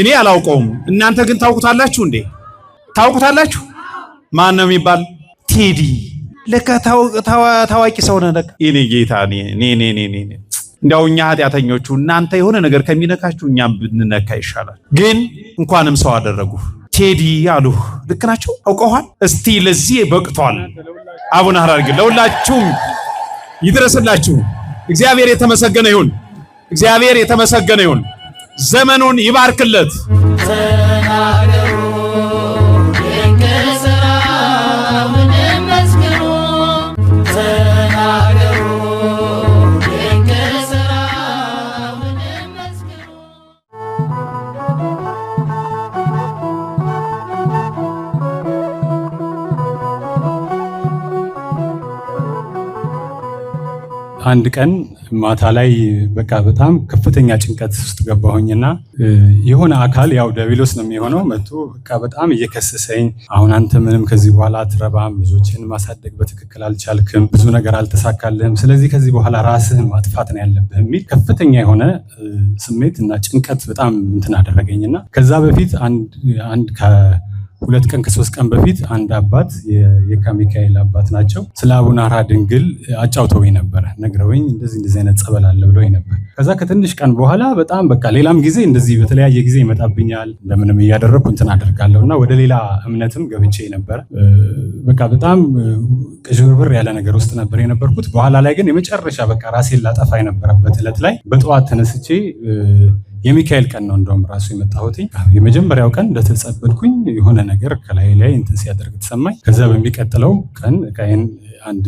እኔ አላውቀውም። እናንተ ግን ታውቁታላችሁ እንዴ? ታውቁታላችሁ? ማን ነው የሚባል? ቴዲ ለካ ታዋቂ ሰው ነህ። ለካ እኔ ጌታ እንዲያው እኛ ኃጢአተኞቹ እናንተ የሆነ ነገር ከሚነካችሁ እኛም ብንነካ ይሻላል። ግን እንኳንም ሰው አደረጉ። ቴዲ አሉ ልክ ናቸው። አውቀኋል። እስቲ ለዚህ በቅቷል። አቡነ ሀራሪ ለሁላችሁም ይድረስላችሁ። እግዚአብሔር የተመሰገነ ይሁን። እግዚአብሔር የተመሰገነ ይሁን። ዘመኑን ይባርክለት። አንድ ቀን ማታ ላይ በቃ በጣም ከፍተኛ ጭንቀት ውስጥ ገባሁኝና የሆነ አካል ያው ደቢሎስ ነው የሚሆነው መቶ በቃ በጣም እየከሰሰኝ፣ አሁን አንተ ምንም ከዚህ በኋላ አትረባም፣ ልጆችን ማሳደግ በትክክል አልቻልክም፣ ብዙ ነገር አልተሳካልህም፣ ስለዚህ ከዚህ በኋላ ራስህን ማጥፋት ነው ያለብህ የሚል ከፍተኛ የሆነ ስሜት እና ጭንቀት በጣም እንትን አደረገኝና ከዛ በፊት አንድ ሁለት ቀን ከሶስት ቀን በፊት አንድ አባት የካ ሚካኤል አባት ናቸው ስለ አቡነ ድንግል አጫውተው ነበረ። ነግረውኝ እንደዚህ እንደዚህ አይነት ጸበል አለ ብለው ነበር። ከዛ ከትንሽ ቀን በኋላ በጣም በቃ ሌላም ጊዜ እንደዚህ በተለያየ ጊዜ ይመጣብኛል። እንደምንም እያደረግኩ እንትን አደርጋለሁ እና ወደ ሌላ እምነትም ገብቼ ነበረ። በቃ በጣም ቅዥብርብር ያለ ነገር ውስጥ ነበር የነበርኩት። በኋላ ላይ ግን የመጨረሻ በቃ ራሴን ላጠፋ የነበረበት እለት ላይ በጠዋት ተነስቼ የሚካኤል ቀን ነው እንደውም ራሱ የመጣሁት የመጀመሪያው ቀን እንደተጸበልኩኝ የሆነ ነገር ከላይ ላይ እንትን ሲያደርግ ተሰማኝ። ከዛ በሚቀጥለው ቀን ቃይን አንድ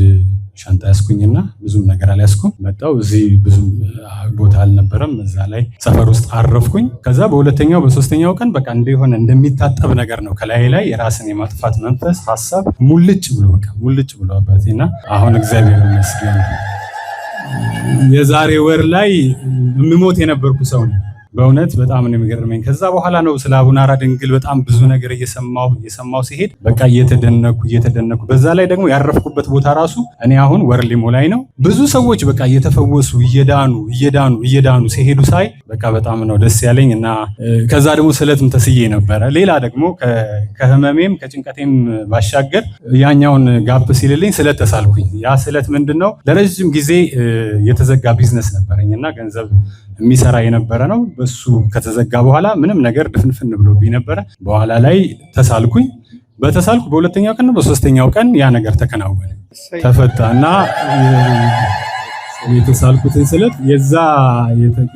ሻንጣ ያስኩኝና ብዙም ነገር አልያዝኩም መጣው። እዚህ ብዙ ቦታ አልነበረም። እዛ ላይ ሰፈር ውስጥ አረፍኩኝ። ከዛ በሁለተኛው በሶስተኛው ቀን በቃ እንደሆነ እንደሚታጠብ ነገር ነው ከላይ ላይ የራስን የማጥፋት መንፈስ ሀሳብ ሙልጭ ብሎ በቃ ሙልጭ ብሎ አባቴና አሁን እግዚአብሔር ይመስገን የዛሬ ወር ላይ የምሞት የነበርኩ ሰው ነው። በእውነት በጣም ነው የሚገርመኝ። ከዛ በኋላ ነው ስለ አቡነ አራ ድንግል በጣም ብዙ ነገር እየሰማሁ እየሰማሁ ሲሄድ በቃ እየተደነኩ እየተደነኩ በዛ ላይ ደግሞ ያረፍኩበት ቦታ ራሱ እኔ አሁን ወርሊሙ ላይ ነው። ብዙ ሰዎች በቃ እየተፈወሱ እየዳኑ እየዳኑ እየዳኑ ሲሄዱ ሳይ በቃ በጣም ነው ደስ ያለኝ እና ከዛ ደግሞ ስለትም ተስዬ ነበረ። ሌላ ደግሞ ከህመሜም ከጭንቀቴም ባሻገር ያኛውን ጋፕ ሲልልኝ ስለት ተሳልኩኝ። ያ ስለት ምንድን ነው ለረዥም ጊዜ የተዘጋ ቢዝነስ ነበረኝ እና ገንዘብ የሚሰራ የነበረ ነው። በሱ ከተዘጋ በኋላ ምንም ነገር ድፍንፍን ብሎ ነበረ። በኋላ ላይ ተሳልኩኝ። በተሳልኩ በሁለተኛው ቀን በሶስተኛው ቀን ያ ነገር ተከናወነ፣ ተፈታ እና የተሳልኩትን ስለት የዛ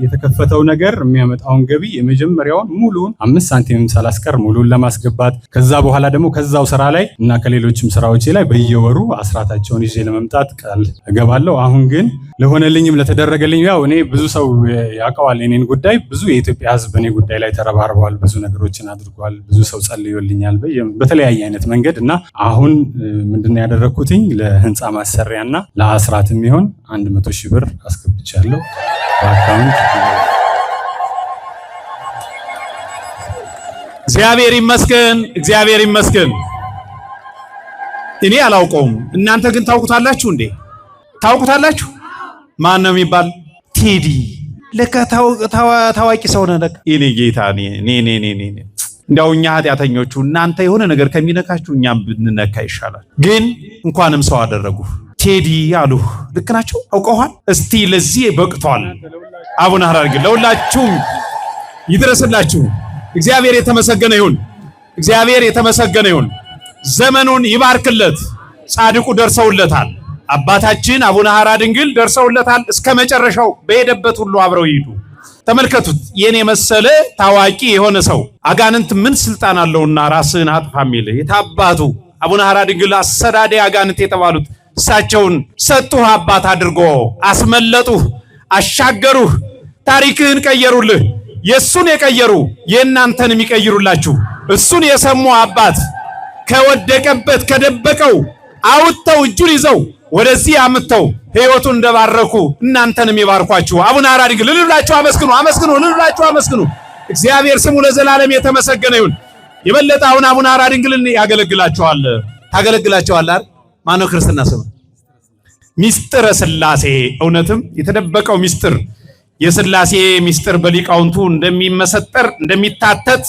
የተከፈተው ነገር የሚያመጣውን ገቢ የመጀመሪያውን ሙሉን አምስት ሳንቲም ሳላስቀር ሙሉን ለማስገባት ከዛ በኋላ ደግሞ ከዛው ስራ ላይ እና ከሌሎችም ስራዎች ላይ በየወሩ አስራታቸውን ይዤ ለመምጣት ቃል እገባለሁ። አሁን ግን ለሆነልኝም ለተደረገልኝ ያው እኔ ብዙ ሰው ያውቀዋል የኔን ጉዳይ። ብዙ የኢትዮጵያ ሕዝብ እኔ ጉዳይ ላይ ተረባርበዋል። ብዙ ነገሮችን አድርጓል። ብዙ ሰው ጸልዮልኛል በተለያየ አይነት መንገድ እና አሁን ምንድነው ያደረግኩትኝ ለህንፃ ማሰሪያና ለአስራት የሚሆን አንድ መቶ ሺህ ብር አስገብቻለሁ በአካውንት እግዚአብሔር ይመስገን፣ እግዚአብሔር ይመስገን። እኔ አላውቀውም፣ እናንተ ግን ታውቁታላችሁ እንዴ? ታውቁታላችሁ? ማን ነው የሚባል? ቴዲ ለካ ታዋቂ ሰው ነህ። ለካ እኔ ጌታ እንዲያው እኛ ኃጢአተኞቹ እናንተ የሆነ ነገር ከሚነካችሁ እኛም ብንነካ ይሻላል። ግን እንኳንም ሰው አደረጉ። ቴዲ አሉ። ልክ ናቸው። አውቀኋል። እስቲ ለዚህ በቅቷል። አቡነ ሐራር ግን ለሁላችሁም ይድረስላችሁ። እግዚአብሔር የተመሰገነ ይሁን። እግዚአብሔር የተመሰገነ ይሁን። ዘመኑን ይባርክለት። ጻድቁ ደርሰውለታል። አባታችን አቡነ ሐራ ድንግል ደርሰውለታል። እስከ መጨረሻው በሄደበት ሁሉ አብረው ይሄዱ። ተመልከቱት። የኔ መሰለ ታዋቂ የሆነ ሰው አጋንንት ምን ስልጣን አለውና ራስህን አጥፋ የሚል የታባቱ አቡነ ሐራ ድንግል አሰዳዴ አጋንንት የተባሉት እሳቸውን ሰጡህ አባት አድርጎ አስመለጡህ፣ አሻገሩህ፣ ታሪክህን ቀየሩልህ። የእሱን የቀየሩ የእናንተን የሚቀይሩላችሁ እሱን የሰሙ አባት ከወደቀበት ከደበቀው አውጥተው እጁን ይዘው ወደዚህ አምጥተው ሕይወቱን እንደባረኩ እናንተን የሚባርኳችሁ አቡነ ሐራ ልልብላችሁ አመስግኑ፣ አመስግኑ፣ ልልብላችሁ አመስግኑ። እግዚአብሔር ስሙ ለዘላለም የተመሰገነ ይሁን። የበለጠ አሁን አቡነ ሐራ ድንግልን ያገለግላችኋል፣ ታገለግላችኋል አይደል? ማነው ክርስትና ስም? ሚስጥረ ስላሴ እውነትም የተደበቀው ሚስጥር የስላሴ ሚስጥር በሊቃውንቱ እንደሚመሰጠር እንደሚታተት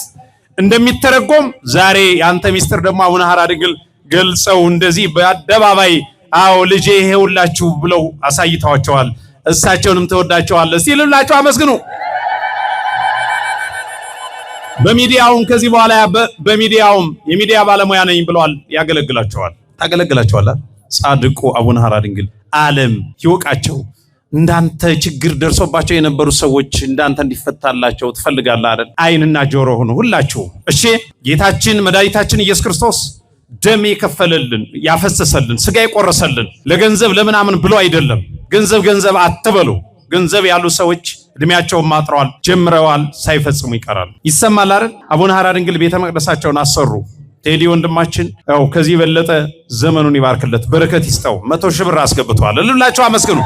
እንደሚተረጎም ዛሬ ያንተ ሚስጥር ደግሞ አቡነ ሐራ ድንግል ገልጸው እንደዚህ በአደባባይ አዎ ልጄ ይሄውላችሁ ብለው አሳይተዋቸዋል። እሳቸውንም ተወዳቸዋል። እስቲ ልላችሁ አመስግኑ። በሚዲያውም ከዚህ በኋላ በሚዲያውም የሚዲያ ባለሙያ ነኝ ብለዋል። ያገለግላቸዋል። ታገለግላቸዋላ። ጻድቁ አቡነ ሐራ ድንግል ዓለም ይወቃቸው። እንዳንተ ችግር ደርሶባቸው የነበሩ ሰዎች እንዳንተ እንዲፈታላቸው ትፈልጋለህ አይደል? አይንና ጆሮ ሆኑ ሁላችሁ። እሺ ጌታችን መድኃኒታችን ኢየሱስ ክርስቶስ ደም የከፈለልን ያፈሰሰልን ስጋ የቆረሰልን ለገንዘብ ለምናምን ብሎ አይደለም። ገንዘብ ገንዘብ አትበሉ። ገንዘብ ያሉ ሰዎች እድሜያቸውን ማጥረዋል፣ ጀምረዋል፣ ሳይፈጽሙ ይቀራል። ይሰማል አይደል? አቡነ ሐራ ድንግል ቤተ መቅደሳቸውን አሰሩ። ቴዲ ወንድማችን ያው ከዚህ የበለጠ ዘመኑን ይባርክለት፣ በረከት ይስጠው። መቶ ሺህ ብር አስገብተዋል። ልላቸው አመስግኑ።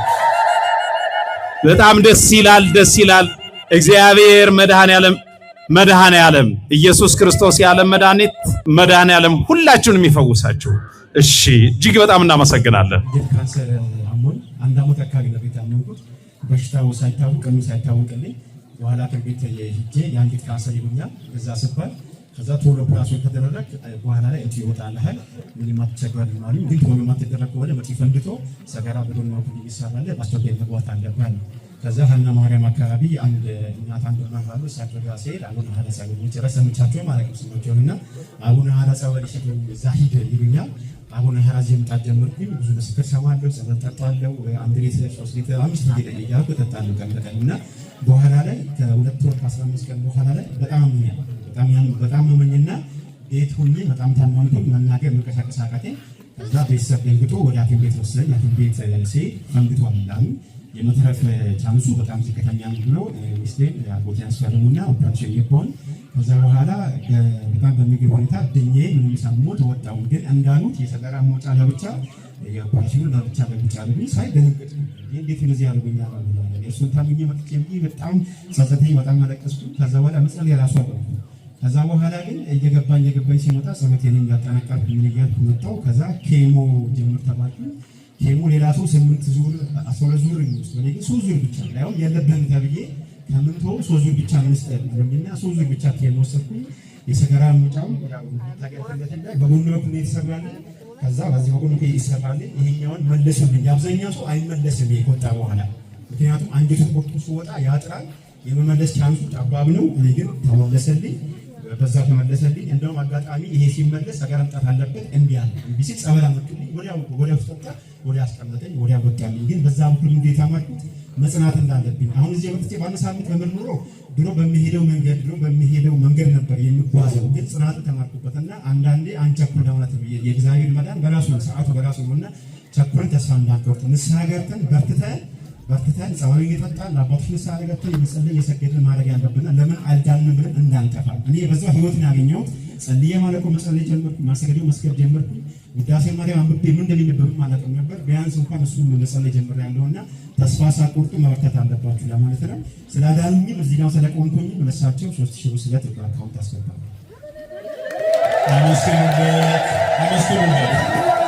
በጣም ደስ ይላል፣ ደስ ይላል። እግዚአብሔር መድኃኔ ዓለም መድኃኔ ዓለም ኢየሱስ ክርስቶስ የዓለም መድኃኒት መድኃኔ ዓለም ሁላችሁን የሚፈውሳችሁ። እሺ፣ እጅግ በጣም እናመሰግናለን። አንድ ዓመት አካባቢ ነው ቤት ያመንኩት። በሽታው ሳይታወቅ ቀኑ ሳይታወቅልኝ በኋላ ከቤት ሂጄ የአንገት ካንሰር ይሉኛል እዛ ስባል ከዛ ቶሎ ኦፕራሲዮን ከተደረግ በኋላ ላይ እንት ይወጣልሃል። ምንም አትቸገር ማለት ግን ቶሎ ማትደረግ ከሆነ መጪ ፈንድቶ ሰገራ ብሎን ነው ይሰራል። በአስቸኳይ መግባት አለብህ ከዛ ሀና ማርያም አካባቢ አንድ እናት አንድ ማህበሩ ሳደጋ ሲሄድ አቡነ ሀራ ጸበል መጨረስ ሰምቻቸው ማለት ነው ስማቸው እና አቡነ ሀራ ጸበል ሲሄድ እዛ ሂድ ይሉኛል። አቡነ ሀራ እዚህ ጀመርኩኝ። ብዙ ምስክር ሰማለሁ፣ ጸበል ጠጣለሁ። አንድ ሊትር ሶስት ሊትር አምስት ሊትር እያልኩ ጠጣለሁ ቀን በቀን እና በኋላ ላይ ከሁለት ወር ከአስራ አምስት ቀን በኋላ ላይ በጣም በጣም ያመኝ ቤት ሁኜ በጣም ታመምኩኝ። መናገር መንቀሳቀስ አቃተኝ። ከዛ ቤተሰብ ደንግጦ ወደ ሐኪም ቤት ወሰደኝ። ሐኪም ቤት ስሄድ ፈንግቷል ይላሉ። የመትረፍ ቻንሱ በጣም ዝቅተኛ ነው ብሎ ሚስቴን አጎቴ ያስፈርሙና ኦፕራሽን ይባል። ከዛ በኋላ በጣም በሚግር ሁኔታ ድኜ ምንም ሳልሞት ወጣሁ። ግን እንዳሉት የሰጠራ መውጫ ለብቻ የኦፕራሽኑን ለብቻ ለብቻ ልብ ሳይ ደነገጥ እንዴት እንደዚህ ያደርጉኛ እሱን ታምኜ መጥቼ በጣም ጸጸተኝ። በጣም አለቀስኩ። ከዛ በኋላ መጸለይ የራሱ አለ ከዛ በኋላ ግን እየገባ እየገባኝ ሲመጣ ሰውነቴን እያጠነቀርኩ ምን እያልኩ መጣሁ። ከዛ ኬሞ ጀምር ተባልኩ። ኬሞ ሌላ ሰው ስምንት ዙር አስራ ዙር የሚወስድ እኔ ግን ሶስት ዙር ብቻ ያው የለብህም ተብዬ ከምንቶ ሶስት ዙር ብቻ ምስጠር እና ሶስት ዙር ብቻ ኬሞ ወሰድኩኝ። የሰገራ መውጫው ታገለለትና በጎን በኩል የተሰራለ ከዛ በዚህ በጎን ይሰራለ ይሄኛውን መለሱልኝ። አብዛኛው ሰው አይመለስም ከወጣ በኋላ ምክንያቱም አንድ ተቆርጦ ሲወጣ ያጥራል። የመመለስ ቻንሱ ጠባብ ነው። እኔ ግን ተመለሰልኝ። በዛ ተመለሰልኝ። እንደውም አጋጣሚ ይሄ ሲመለስ ሀገር መምጣት አለበት እምቢ አለ። እምቢ ሲል ጸበል አመጡልኝ። ወዲያው ወዲያው ስጠጣ ወዲያ አስቀመጠኝ፣ ወዲያ ወጣልኝ። ግን በዛ ሁሉ እንዴት አማልኩት መጽናት እንዳለብኝ አሁን እዚህ መጥቼ በአንድ ሳምንት በምር ኖሮ ድሮ በሚሄደው መንገድ ድሮ በሚሄደው መንገድ ነበር የሚጓዘው። ግን ጽናት ተማርኩበት እና አንዳንዴ አንቸኩል ዳውነት የእግዚአብሔር መዳን በራሱ ሰዓቱ በራሱ ነውና ቸኩልን ተስፋ እንዳንቆርጥ ንስሐ ገብተን በርትተን በርትተን ጸባዊ እየጠጣን ለአባቶች ምሳሌ ገብተን የመጸለይ እየሰገድን ማድረግ ያለብን ለምን አልዳልንም ብለን እንዳንጠፋ። እኔ በዛ ህይወት ነው ያገኘው። ጸልዬ ማለቁ መጸለይ ጀመርኩ፣ ማሰገድ መስገድ ጀመርኩ። ውዳሴ ማርያም አንብቤ ምን እንደሚነበብ አላውቅም ነበር። ቢያንስ እንኳን እሱ መጸለይ ጀምር ያለውና ተስፋ ሳቆርጡ መበርከት አለባችሁ ለማለት ነው። ስላዳኑኝም እዚህ ጋር ስለቆምኩኝ መለሳቸው ሶስት ሺህ ስለት አካውንት አስገባለሁ። አመስግኑበት፣ አመስግኑበት።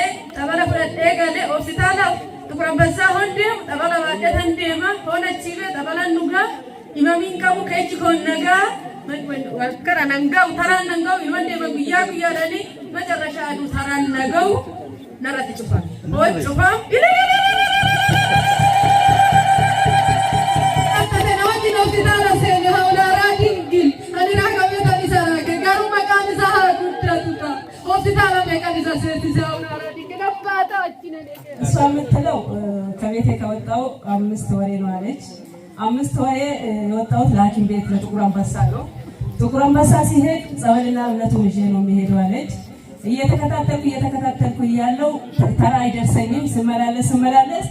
ኦኤ ጠበለ ፍረዴ ገሌ ኦብሲታለሁ ጥቁር አንበሳ ሆንዴም ጠበለ ባደተን ዴማ ሆነቺቤ ጠበለን ኑጋ ኢመሚን ቀቡ ከእጅ ኮነጋ ወልከረ ነንጋው ተራን ነንጋው ይወንዴ በጉያ ጉያ ለኔ መጨረሻ አዱ ተራን ነገው ነረት ጭፋ ወይ ጭፋ ይለየለ እሷ የምትለው ከቤቴ ከወጣሁ አምስት ወሬ ነው አለች። አምስት ወሬ የወጣሁት ለሐኪም ቤት ለጥቁር አንበሳ ነው። ጥቁር አንበሳ ሲሄድ ጸበልና እምነቱን ይዤ ነው የሚሄደው አለች። እየተከታተልኩ እየተከታተልኩ እያለሁ ተራ አይደርሰኝም። ስመላለስ ስመላለስ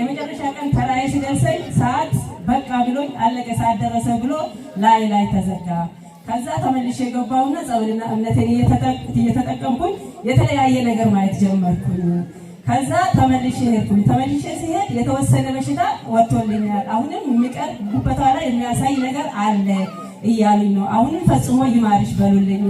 የመጨረሻ ቀን ተራዬ ሲደርሰኝ ሰዓት በቃ ብሎኝ አለቀ፣ ሰዓት ደረሰ ብሎ ላይ ላይ ተዘጋ። ከዛ ተመልሼ የገባውና ጸብልና እምነቴን እየተጠቀምኩኝ የተለያየ ነገር ማየት ጀመርኩኝ። ከዛ ተመልሼ ሄድኩኝ። ተመልሼ ሲሄድ የተወሰነ በሽታ ወጥቶልኛል። አሁንም የሚቀር ጉበቷ ላይ የሚያሳይ ነገር አለ እያሉኝ ነው። አሁንም ፈጽሞ ይማርሽ በሉልኝ።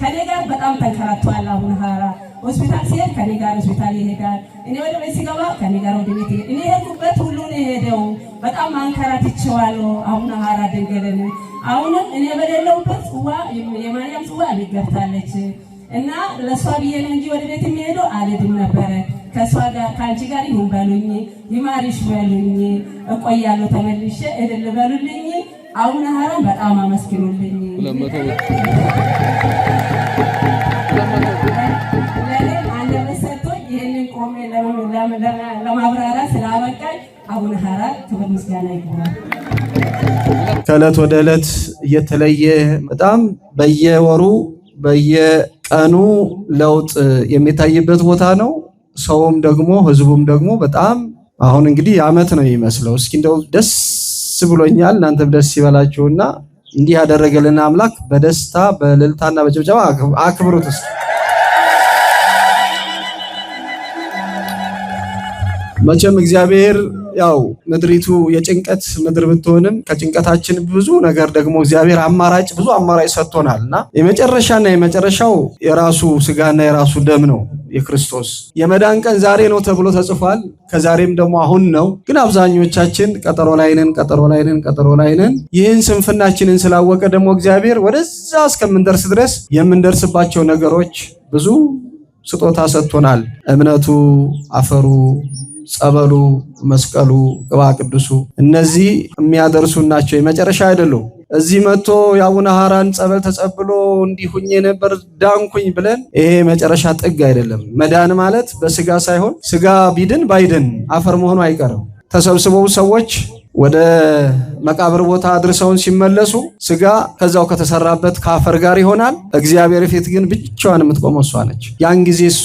ከኔ ጋር በጣም ተንከራቷል። አሁን ሀራ ሆስፒታል ሲሄድ ከኔ ጋር ሆስፒታል ይሄዳል። እኔ ወደ ቤት ሲገባ ከኔ ጋር ወደ ቤት ይሄድ። እኔ ሄድኩበት ሁሉን የሄደው በጣም አንከራትቼዋለሁ። አሁን ሀራ ደንገለን አሁንም እኔ በሌለውበት ጽዋ የማርያም ጽዋ ቤት ገብታለች እና ለእሷ ብዬ ነው እንጂ ወደ ቤት የሚሄደው አልሄድም ነበረ። ከእሷ ጋር ከአንቺ ጋር ይሁን በሉኝ፣ ይማርሽ በሉኝ፣ እቆያለሁ ተመልሼ እልል በሉልኝ። አቡነ ሀራን በጣም አመስግኑልኝ። ለእኔም አንደበት ሰጥቶኝ ይህንን ቆሜ ለማብራራት ስላበቃኝ አቡነ ሀራን ክብር ምስጋና ይግባል። ከእለት ወደ እለት እየተለየ በጣም በየወሩ በየቀኑ ለውጥ የሚታይበት ቦታ ነው። ሰውም ደግሞ ህዝቡም ደግሞ በጣም አሁን እንግዲህ አመት ነው የሚመስለው። እስኪ እንደው ደስ ብሎኛል፣ እናንተም ደስ ይበላችሁና እንዲህ ያደረገልን አምላክ በደስታ በልልታና በጭብጨባ አክብሩት። እስኪ መቼም እግዚአብሔር ያው ምድሪቱ የጭንቀት ምድር ብትሆንም ከጭንቀታችን ብዙ ነገር ደግሞ እግዚአብሔር አማራጭ ብዙ አማራጭ ሰጥቶናል እና የመጨረሻና የመጨረሻው የራሱ ስጋና የራሱ ደም ነው የክርስቶስ የመዳን ቀን ዛሬ ነው ተብሎ ተጽፏል። ከዛሬም ደግሞ አሁን ነው። ግን አብዛኞቻችን ቀጠሮ ላይ ነን፣ ቀጠሮ ላይ ነን፣ ቀጠሮ ላይ ነን። ይህን ስንፍናችንን ስላወቀ ደግሞ እግዚአብሔር ወደዛ እስከምንደርስ ድረስ የምንደርስባቸው ነገሮች ብዙ ስጦታ ሰጥቶናል። እምነቱ፣ አፈሩ ጸበሉ፣ መስቀሉ፣ ቅባ ቅዱሱ እነዚህ የሚያደርሱ ናቸው። የመጨረሻ አይደሉም። እዚህ መጥቶ የአቡነ ሐራን ጸበል ተጸብሎ እንዲሁኝ የነበር ዳንኩኝ ብለን ይሄ መጨረሻ ጥግ አይደለም። መዳን ማለት በስጋ ሳይሆን ስጋ ቢድን ባይድን አፈር መሆኑ አይቀርም። ተሰብስበው ሰዎች ወደ መቃብር ቦታ አድርሰውን ሲመለሱ ስጋ ከዛው ከተሰራበት ከአፈር ጋር ይሆናል። እግዚአብሔር ፊት ግን ብቻዋን የምትቆመው እሷ ነች። ያን ጊዜ እሷ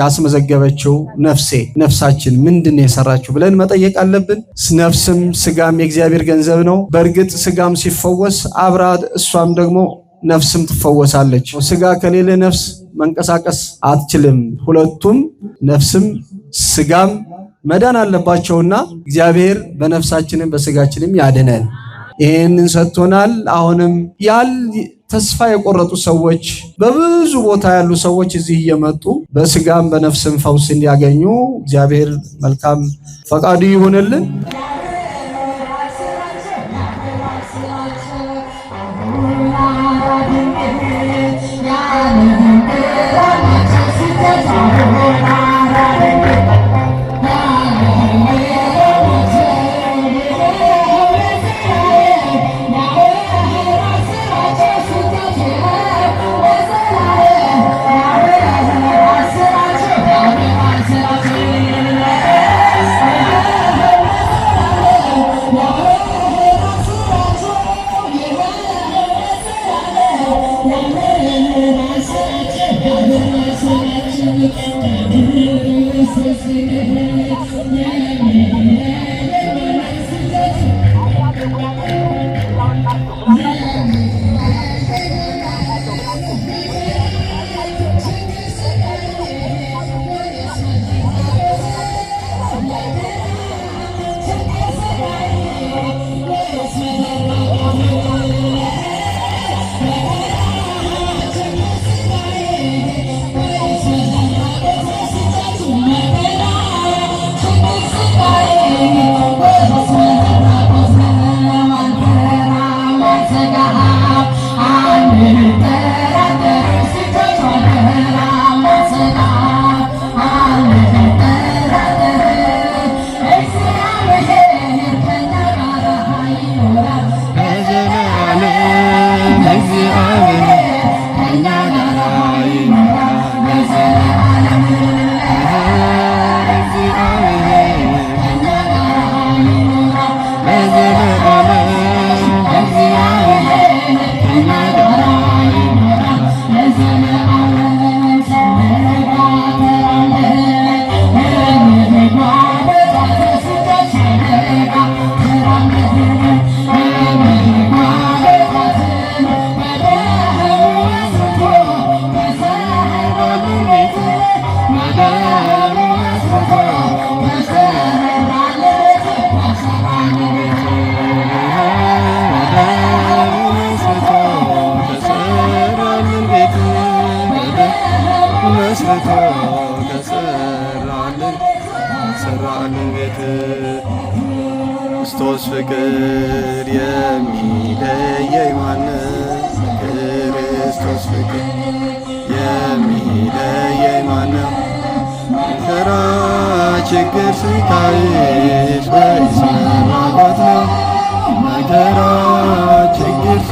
ያስመዘገበችው ነፍሴ ነፍሳችን ምንድን ነው የሰራችው ብለን መጠየቅ አለብን። ነፍስም ስጋም የእግዚአብሔር ገንዘብ ነው። በእርግጥ ስጋም ሲፈወስ አብራ እሷም ደግሞ ነፍስም ትፈወሳለች። ስጋ ከሌለ ነፍስ መንቀሳቀስ አትችልም። ሁለቱም ነፍስም ስጋም መዳን አለባቸውና እግዚአብሔር በነፍሳችንም በስጋችንም ያድነን። ይህንን ሰጥቶናል። አሁንም ያል ተስፋ የቆረጡ ሰዎች በብዙ ቦታ ያሉ ሰዎች እዚህ እየመጡ በስጋም በነፍስም ፈውስ እንዲያገኙ እግዚአብሔር መልካም ፈቃዱ ይሁንልን። Lazy Army, another Army, Lazy Army. የሚለየኝ መከራ፣ ችግር፣ ስቃይስ ወይስ መራባት ነው? መከራ፣ ችግር፣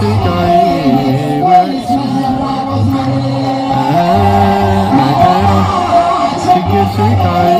ወይስ መራባት ነው? መከራ፣ ችግር፣